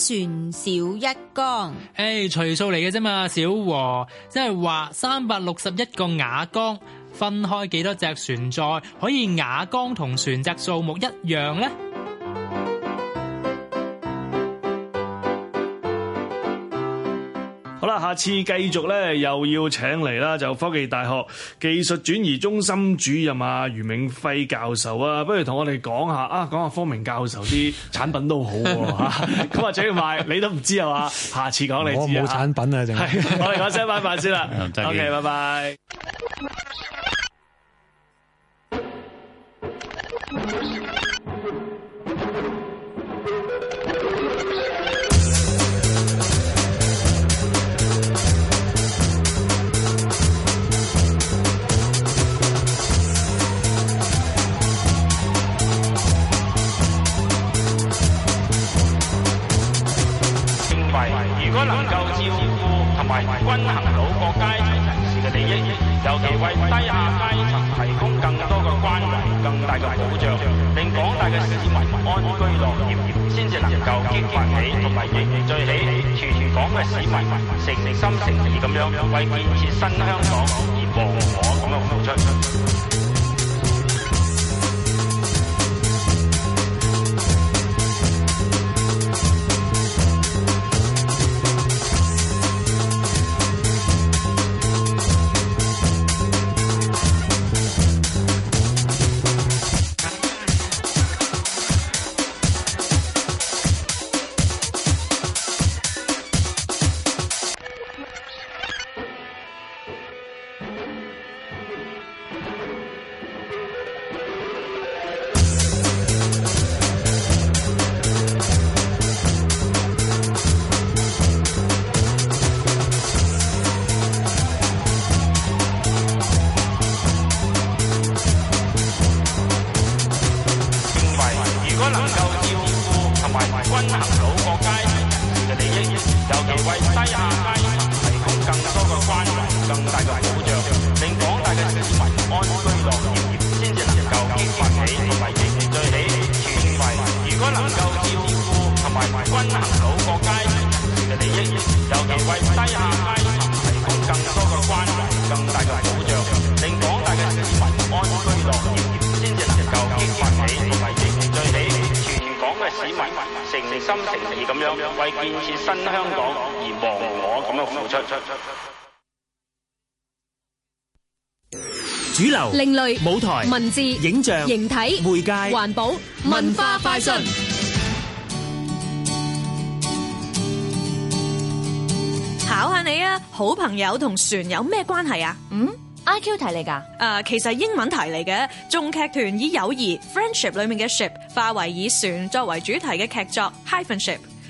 船少一江，誒，除數嚟嘅啫嘛，小和即係話三百六十一個瓦缸，分開幾多隻船載，可以瓦缸同船隻數目一樣呢？好啦，下次繼續咧，又要請嚟啦，就是、科技大學技術轉移中心主任啊，余明輝教授啊，不如同我哋講下啊，講下方明教授啲產品都好喎。咁啊，請要、 啊、你都唔知係嘛？下次講我你知。我冇產品啊，仲係 我哋講聲拜拜先啦。O K，拜拜。均衡到各階層人士嘅利益，尤其為低下階層提供更多嘅關懷，更大嘅保障，令廣大嘅市民安居樂業，先至能夠激發起同埋凝聚起全全港嘅市民，誠心誠意咁樣為建設新香港而忘我咁樣付出。主流、另類、舞台、文字、影像、形體、媒介、環保、文化、快進。考下你啊，好朋友同船有咩關係啊？嗯，IQ 題嚟噶？誒，其實英文題嚟嘅，眾劇團以友誼 （friendship） 裏面嘅 ship，化為以船作為主題嘅劇作 （-ship）。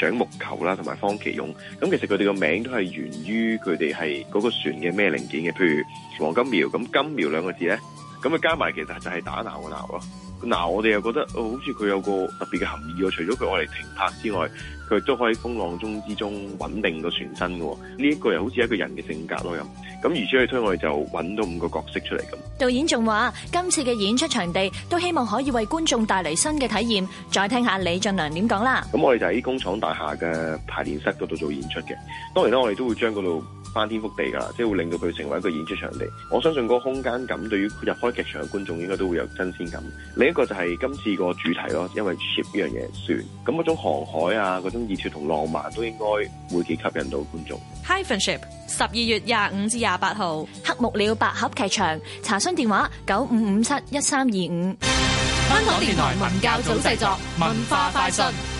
長木球啦，同埋方其勇，咁其實佢哋個名都係源於佢哋係嗰個船嘅咩零件嘅，譬如黃金苗，咁金苗兩個字咧。咁啊，加埋其實就係打鬧個鬧咯。嗱，我哋又覺得哦，好似佢有個特別嘅含意喎。除咗佢用嚟停泊之外，佢都可以喺風浪中之中穩定到全、這個船身嘅喎。呢一個人好似一個人嘅性格咯，又咁如此去推，我哋就揾到五個角色出嚟咁。導演仲話：今次嘅演出場地都希望可以為觀眾帶嚟新嘅體驗。再聽下李俊良點講啦。咁我哋就喺工廠大廈嘅排練室嗰度做演出嘅。當然啦，我哋都會將嗰度。翻天覆地噶啦，即係會令到佢成為一個演出場地。我相信嗰個空間感對於佢入開劇場嘅觀眾應該都會有新鮮感。另一個就係今次個主題咯，因為 ship 呢樣嘢算，咁嗰種航海啊，嗰種熱潮同浪漫都應該會幾吸引到觀眾。Hyphen Ship 十二月廿五至廿八號，黑木鳥百合劇場，查詢電話九五五七一三二五。香港電台文教組製作，文化快訊。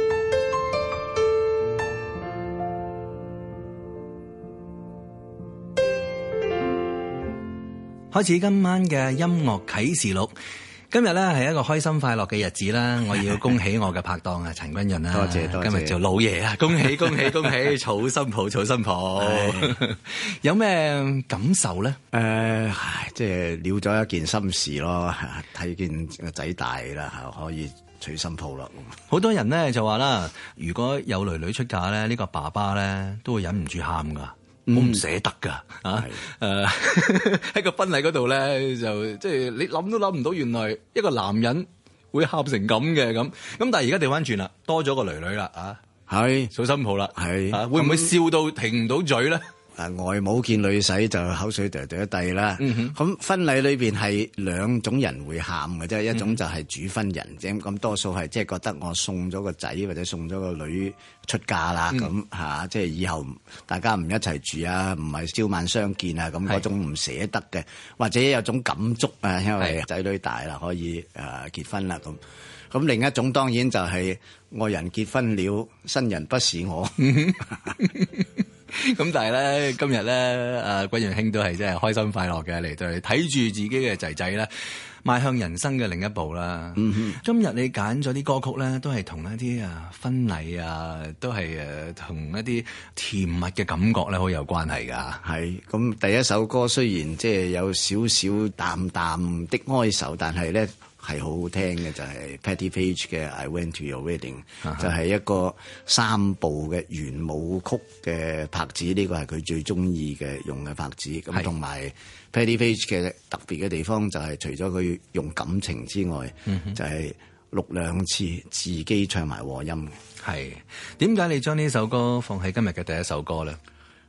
開始今晚嘅音樂啟示錄。今日咧係一個開心快樂嘅日子啦！我要恭喜我嘅拍檔 啊，陳君潤啦，多謝，今日做老爺啊，恭喜恭喜 恭喜娶新抱娶新抱！的 有咩感受咧？唉、呃，即係了咗一件心事咯，睇見個仔大啦，可以娶新抱咯。好多人咧就話啦，如果有女女出嫁咧，呢、呢個爸爸咧都會忍唔住喊噶。我唔捨得噶。嗯、啊，誒，喺個婚禮嗰度咧，就即係、就是、你諗都諗唔到，原來一個男人會喊成咁嘅咁，咁但係而家調翻轉啦，多咗個女女啦，啊，係做新抱啦，係，會唔會笑到停唔到嘴咧？誒、呃，外母見女婿就口水嗲嗲渧啦。咁婚禮裏邊係兩種人會喊嘅啫，一種就係主婚人啫。咁、嗯、多數係即係覺得我送咗個仔或者送咗個女出嫁啦，咁吓、嗯啊，即係以後大家唔一齊住啊，唔係朝晚相見啊，咁嗰種唔捨得嘅，是或者有種感觸啊，因為仔女大啦，可以誒、呃、結婚啦，咁咁另一種當然就係愛人結婚了，新人不是我。嗯哼 咁 但係咧，今日咧，阿、啊、君耀兄都係真係開心快樂嘅嚟到，睇住自己嘅仔仔咧，邁向人生嘅另一步啦。嗯、哼今日你揀咗啲歌曲咧，都係同一啲啊婚禮啊，都係誒同一啲甜蜜嘅感覺咧，好有關係噶。係咁，第一首歌雖然即係有少少淡淡的哀愁，但係咧。係好好聽嘅，就係、是、Patti Page 嘅《I Went To Your Wedding》，啊、哈就係一個三部嘅圓舞曲嘅拍子，呢、這個係佢最鍾意嘅用嘅拍子。咁同埋 Patti Page 嘅特別嘅地方就係，除咗佢用感情之外，嗯、哼就係錄兩次自己唱埋和音。係點解你將呢首歌放喺今日嘅第一首歌咧？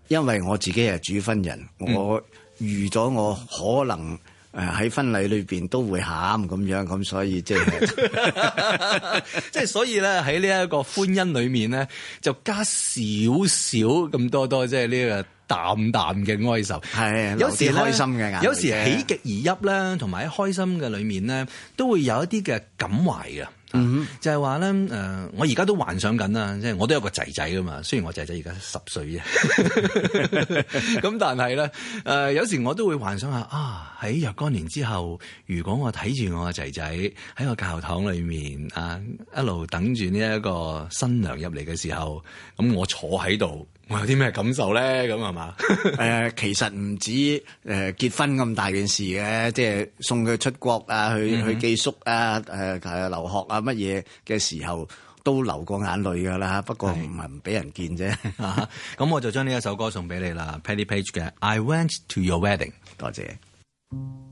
因為我自己係主婚人，嗯、我預咗我可能。誒喺婚禮裏面都會喊咁樣，咁所以即係，即係所以咧喺呢一個婚姻裏面咧，就加少少咁多多，即係呢個淡淡嘅哀愁，的有時開心嘅，有時喜極而泣啦，同埋喺開心嘅裏面咧，都會有一啲嘅感懷嘅、嗯哼啊，就係話咧，我而家都幻想緊啊，即係我都有個仔仔噶嘛，雖然我仔仔而家十歲啊，咁 但係咧、呃，有時我都會幻想下啊，喺若干年之後，如果我睇住我個仔仔喺個教堂裏面啊，一路等住呢一個新娘入嚟嘅時候，咁我坐喺度。有啲咩感受咧？咁係嘛？誒， 其實唔止誒、呃、結婚咁大件事嘅，即係送佢出國啊，去、mm hmm. 去寄宿啊，誒、呃、留學啊，乜嘢嘅時候都流過眼淚㗎啦。不過唔係唔俾人見啫。咁是、 啊、我就將呢一首歌送俾你啦，Patti Page 嘅《I Went to Your Wedding》，多謝。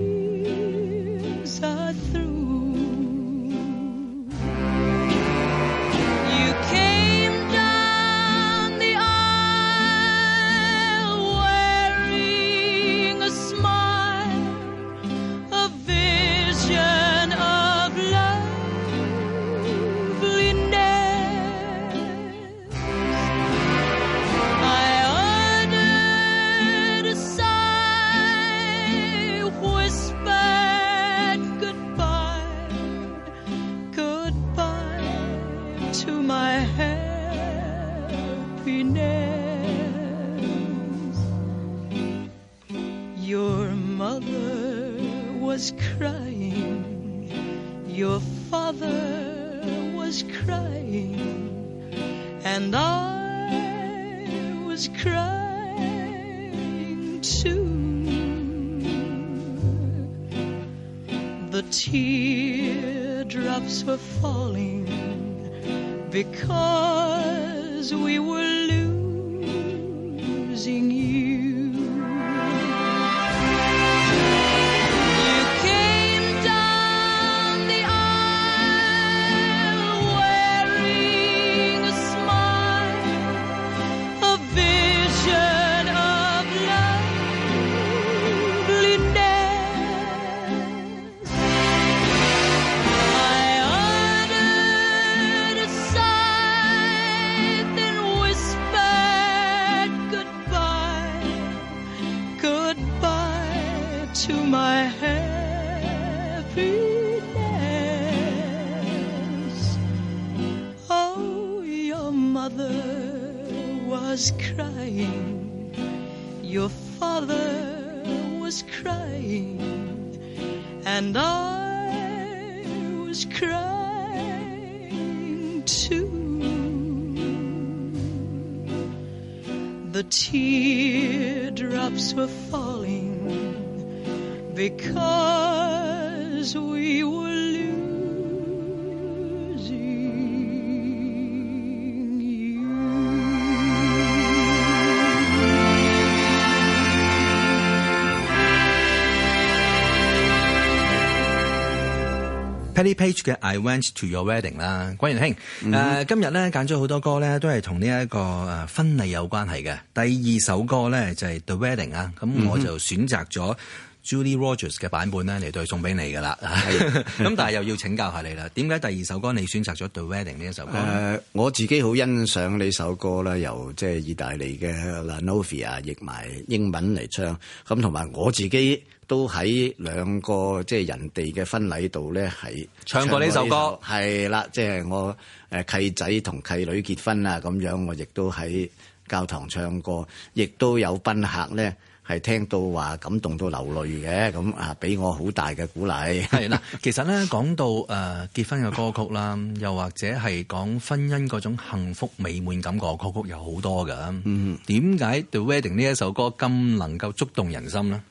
Lady Page 嘅 I Went To Your Wedding 啦，關賢興，誒、呃，今日咧揀咗好多歌咧，都係同呢一個誒婚禮有關係嘅。第二首歌咧就係、是、The Wedding 啊，咁我就選擇咗 Julie Rogers 嘅版本咧嚟對送俾你噶啦。咁、嗯、哼但係又要請教下你啦，點解第二首歌你選擇咗 The Wedding 呢一首歌？誒、呃，我自己好欣賞呢首歌啦，由即係意大利嘅 La Novia 譯埋英文嚟唱，咁同埋我自己。都喺兩個即係人哋嘅婚禮度咧，係唱過呢首歌，係啦，即係我誒契仔同契女結婚啊，咁樣我亦都喺教堂唱過，亦都有賓客咧係聽到話感動到流淚嘅，咁啊俾我好大嘅鼓勵。係啦，其實咧講到誒結婚嘅歌曲啦，又或者係講婚姻嗰種幸福美滿感覺嘅歌曲有好多噶。嗯，點解《The Wedding》呢一首歌咁能夠觸動人心咧？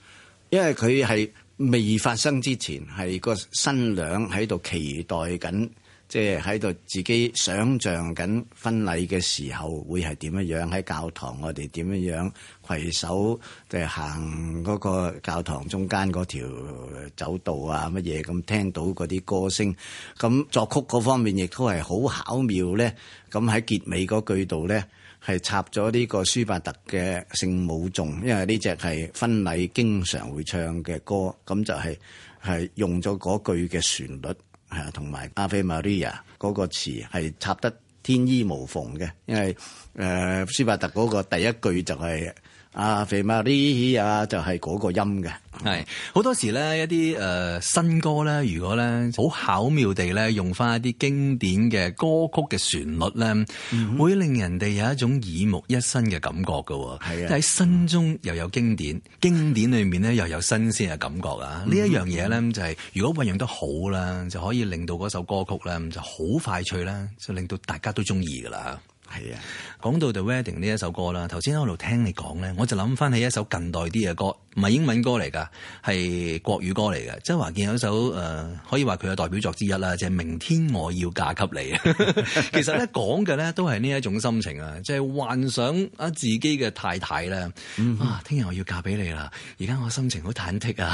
因為佢係未發生之前，係個新娘喺度期待緊，即係喺度自己想像緊婚禮嘅時候會係點樣樣，喺教堂我哋點樣樣攜手誒、就係、行嗰個教堂中間嗰條走道啊乜嘢咁，聽到嗰啲歌聲，咁作曲嗰方面亦都係好巧妙咧。咁喺結尾嗰句度咧。係插咗呢個舒伯特嘅《聖母頌》，因為呢隻係婚禮經常會唱嘅歌，咁就係、是、係用咗嗰句嘅旋律，係啊，同埋《阿菲瑪莉亞》嗰個詞係插得天衣無縫嘅，因為誒、呃、舒伯特嗰個第一句就係、是。啊，肥媽啲啊，就係嗰個音嘅。係好多時咧，一啲誒新歌咧，如果咧好巧妙地咧用翻一啲經典嘅歌曲嘅旋律咧，嗯、哼會令人哋有一種耳目一新嘅感覺喎。係喺新中又有經典，嗯、經典裏面咧又有新鮮嘅感覺啊！呢一、嗯、樣嘢咧就係、是、如果運用得好啦，就可以令到嗰首歌曲咧就好快脆啦，就令到大家都中意噶啦。係啊，講到 The Wedding 呢一首歌啦，頭先喺度聽你講咧，我就諗翻起一首近代啲嘅歌。唔係英文歌嚟噶係國語歌嚟嘅。周華健有一首誒、呃，可以話佢嘅代表作之一啦，就係《明天我要嫁給你》。其實咧講嘅咧都係呢一種心情啊，即係幻想啊自己嘅太太啦。啊，聽日我要嫁俾你啦！而家我心情好忐忑啊，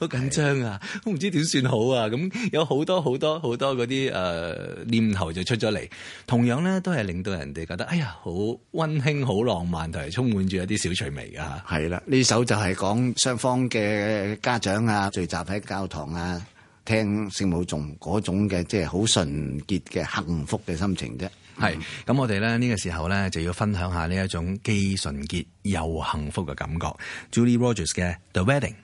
好緊張啊，都唔知點算好啊！咁有好多好多好多嗰啲誒念頭就出咗嚟，同樣咧都係令到人哋覺得哎呀好溫馨、好浪漫，同埋充滿住一啲小趣味噶、啊、吓。係啦，呢首就係、講講雙方嘅家長啊，聚集喺教堂啊，聽聖母頌嗰種嘅，即係好純潔嘅幸福嘅心情啫。係咁、嗯，我哋咧呢、這個時候咧就要分享一下呢一種既純潔又幸福嘅感覺。Julie Rogers 嘅 The Wedding。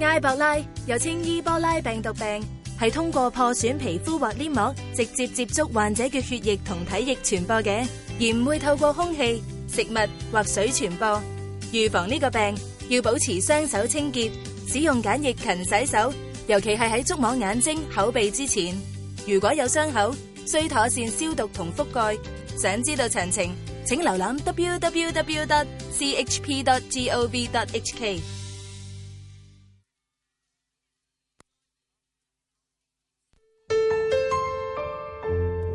埃博拉，又稱伊波拉病毒病，係通過破損皮膚或黏膜，直接接觸患者嘅血液同體液傳播嘅，而唔會透過空氣、食物或水傳播。預防呢個病，要保持雙手清潔，使用鹼液勤洗手，尤其係喺觸摸眼睛、口鼻之前。如果有傷口，需要妥善消毒同覆蓋。想知道詳情，請瀏覽 www.chp.gov.hk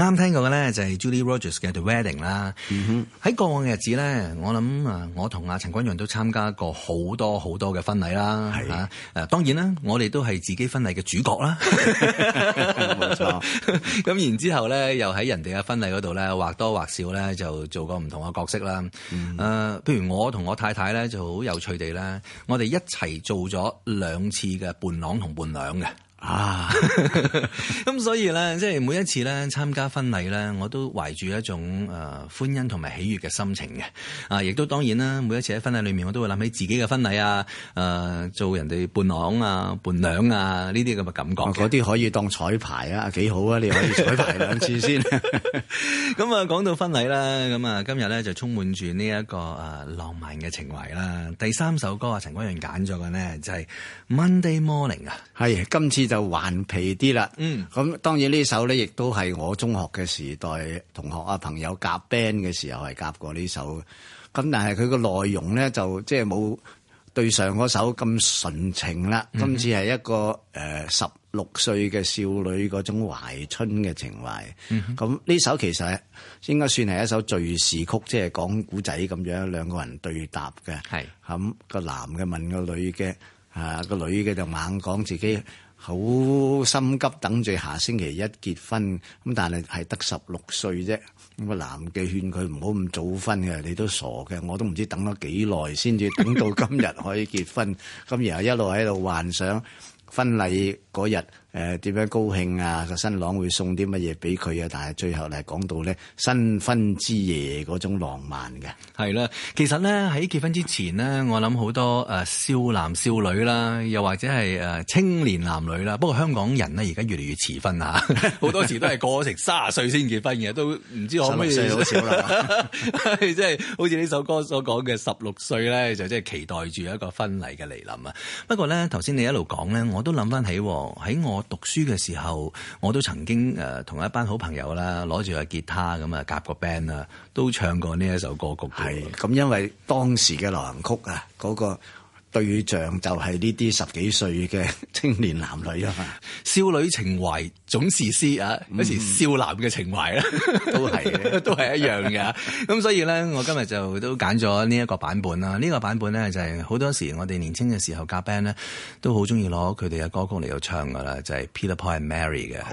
啱聽過嘅咧就係 Julie Rogers 嘅 The Wedding 啦、嗯哼。喺過往嘅日子咧，我諗啊，我同啊陳君揚都參加過好多好多嘅婚禮啦。係的啊，當然啦，我哋都係自己婚禮嘅主角啦。冇 錯。咁 然之後咧，又喺人哋嘅婚禮嗰度咧，或多或少咧就做過唔同嘅角色啦。誒、嗯哼，譬、啊、如我同我太太咧就好有趣地呢，我哋一齊做咗兩次嘅伴郎同伴娘嘅。啊，咁 所以咧，即係每一次咧參加婚禮咧，我都懷住一種誒、呃，歡欣同埋喜悅嘅心情嘅。啊，亦都當然啦，每一次喺婚禮裏面，我都會諗起自己嘅婚禮啊，誒、呃，做人哋伴郎啊、伴娘啊呢啲咁嘅感覺。嗰啲、okay，可以當綵排啊，幾好啊！你可以綵排兩次先。咁 啊、 嗯，講到婚禮啦，咁啊，今日咧就充滿住呢一個誒、呃、浪漫嘅情懷啦。第三首歌啊，陳國祥揀咗嘅咧，就係、是、Monday Morning 啊，係今次。就頑皮啲啦，咁、嗯、當然呢首咧，亦都係我中學嘅時代同學啊朋友夾 band 嘅時候係夾過呢首，咁但係佢個內容咧就即係冇對上嗰首咁純情啦，嗯、哼今次係一個誒十六歲嘅少女嗰種懷春嘅情懷，咁呢、嗯、哼首其實應該算係一首敘事曲，即係講古仔咁樣，兩個人對答嘅，係咁是個男嘅問個女嘅，啊、那個女嘅就猛講自己。好心急等住下星期一結婚，咁但係係得十六歲啫。咁個男嘅勸佢唔好咁早婚嘅，你都傻嘅。我都唔知等咗幾耐先至等到今日可以結婚，咁 然後一路喺度幻想婚禮嗰日。誒，點樣高興啊？個新郎會送啲乜嘢俾佢啊？但係最後嚟講到咧，新婚之夜嗰種浪漫嘅，係啦。其實咧，喺結婚之前呢，我諗好多誒、呃、少男少女啦，又或者係誒、呃、青年男女啦。不過香港人呢，而家越嚟越遲婚吓，好多時都係過咗成卅歲先結婚嘅，都唔知可唔可以。好少啦，即係好似呢首歌所講嘅十六歲咧，就即係期待住一個婚禮嘅嚟臨啊。不過咧，頭先你一路講咧，我都諗翻起喺我讀書嘅時候，我都曾經誒同一班好朋友啦，攞住個吉他咁啊，夾個 band 啊，都唱過呢一首歌曲嘅。咁因為當時嘅流行曲啊，嗰個。對象就係呢啲十幾歲嘅青年男女啊嘛，少女情懷總是詩啊，有時、嗯、少男嘅情懷啦，都係 都係一樣嘅。咁 所以咧，我今日就都揀咗呢一個版本啦。呢、這個版本咧就係好多時候我哋年青嘅時候夾 band 咧都好中意攞佢哋嘅歌曲嚟到唱噶啦，就係、是《Peter, Paul and Mary》嘅。好。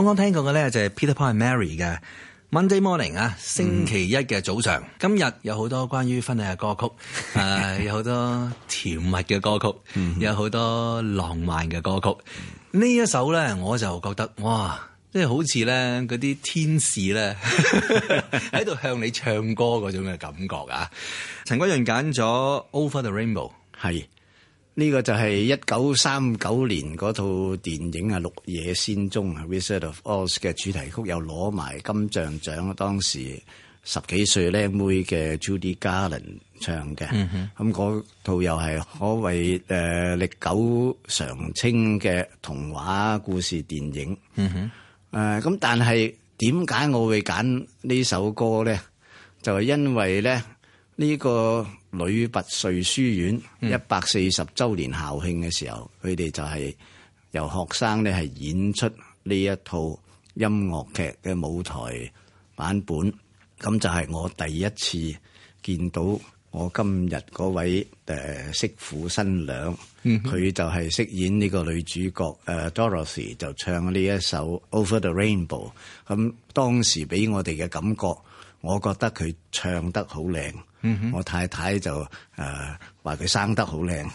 剛剛聽過嘅咧就係 Peter Paul and Mary 嘅 Monday Morning 啊，星期一嘅早上。嗯、今日有好多關於婚禮嘅歌曲，誒、 呃，有好多甜蜜嘅歌曲，有好多浪漫嘅歌曲。呢、嗯、一首咧，我就覺得哇，即、就、係、是、好似咧嗰啲天使咧喺度向你唱歌嗰種嘅感覺啊！陳君潤揀咗 Over the Rainbow，係。呢個就係一九三九年嗰套電影啊，《綠野仙蹤》啊，《Wizard of Oz》嘅主題曲又攞埋金像獎，當時十幾歲靚妹嘅 Judy Garland 唱嘅，咁嗰套又係可謂誒歷久常青嘅童話故事電影。誒咁，但係點解我會揀呢首歌咧？就係因為咧呢個。女拔萃書院一百四十周年校慶嘅時候，佢哋、嗯、就係由學生咧係演出呢一套音樂劇嘅舞台版本，咁就係我第一次見到我今日嗰位誒媳婦新娘，佢、嗯、哼就係飾演呢個女主角誒、uh, Dorothy，就唱呢一首 Over the Rainbow。咁當時俾我哋嘅感覺，我覺得佢唱得好靚。嗯、哼，我太太就誒話佢生得好靚，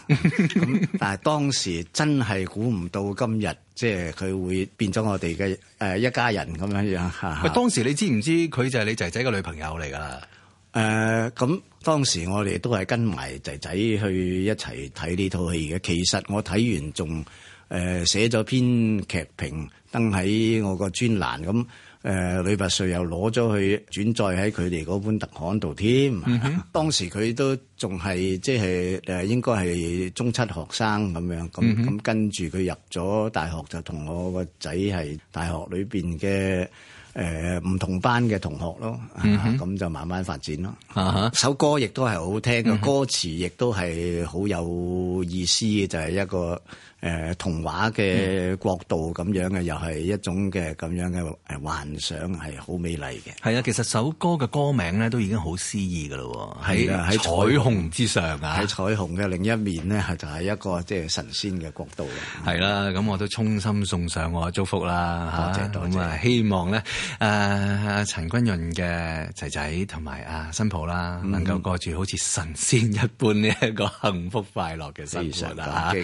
咁 但係當時真係估唔到今日，即係佢會變咗我哋嘅誒一家人咁樣樣。哈哈，喂，當時你知唔知佢就係你仔仔嘅女朋友嚟㗎啦？誒、呃，咁當時我哋都係跟埋仔仔去一齊睇呢套戲嘅。其實我睇完仲誒寫咗篇劇評登喺我個專欄咁。誒，李白瑞又攞咗去轉載喺佢哋嗰本特刊度添。嗯、哼當時佢都仲係即係誒，就是、應該係中七學生咁樣，咁咁跟住佢入咗大學就同我個仔係大學裏面嘅誒唔同班嘅同學咯。咁、啊、就慢慢發展咯。Uh huh. 首歌亦都係好聽，個歌詞亦都係好有意思嘅，就係、是、一個。誒童話嘅國度咁樣嘅，又係一種嘅咁樣嘅幻想，係好美麗嘅。係啊，其實首歌嘅歌名咧，都已經好詩意嘅咯喎。喺喺彩虹之上啊，喺彩虹嘅另一面咧，就係一個即係神仙嘅國度啦。係啦，咁我都衷心送上我祝福啦，多謝多謝、啊、希望咧，誒、呃、陳君潤嘅仔仔同埋阿新抱啦，嗯、能夠過住好似神仙一般呢一個幸福快樂嘅生活啦嚇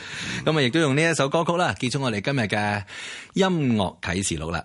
咁啊，亦、嗯、都用。呢一首歌曲啦，結束我哋今日嘅音樂啟示錄啦。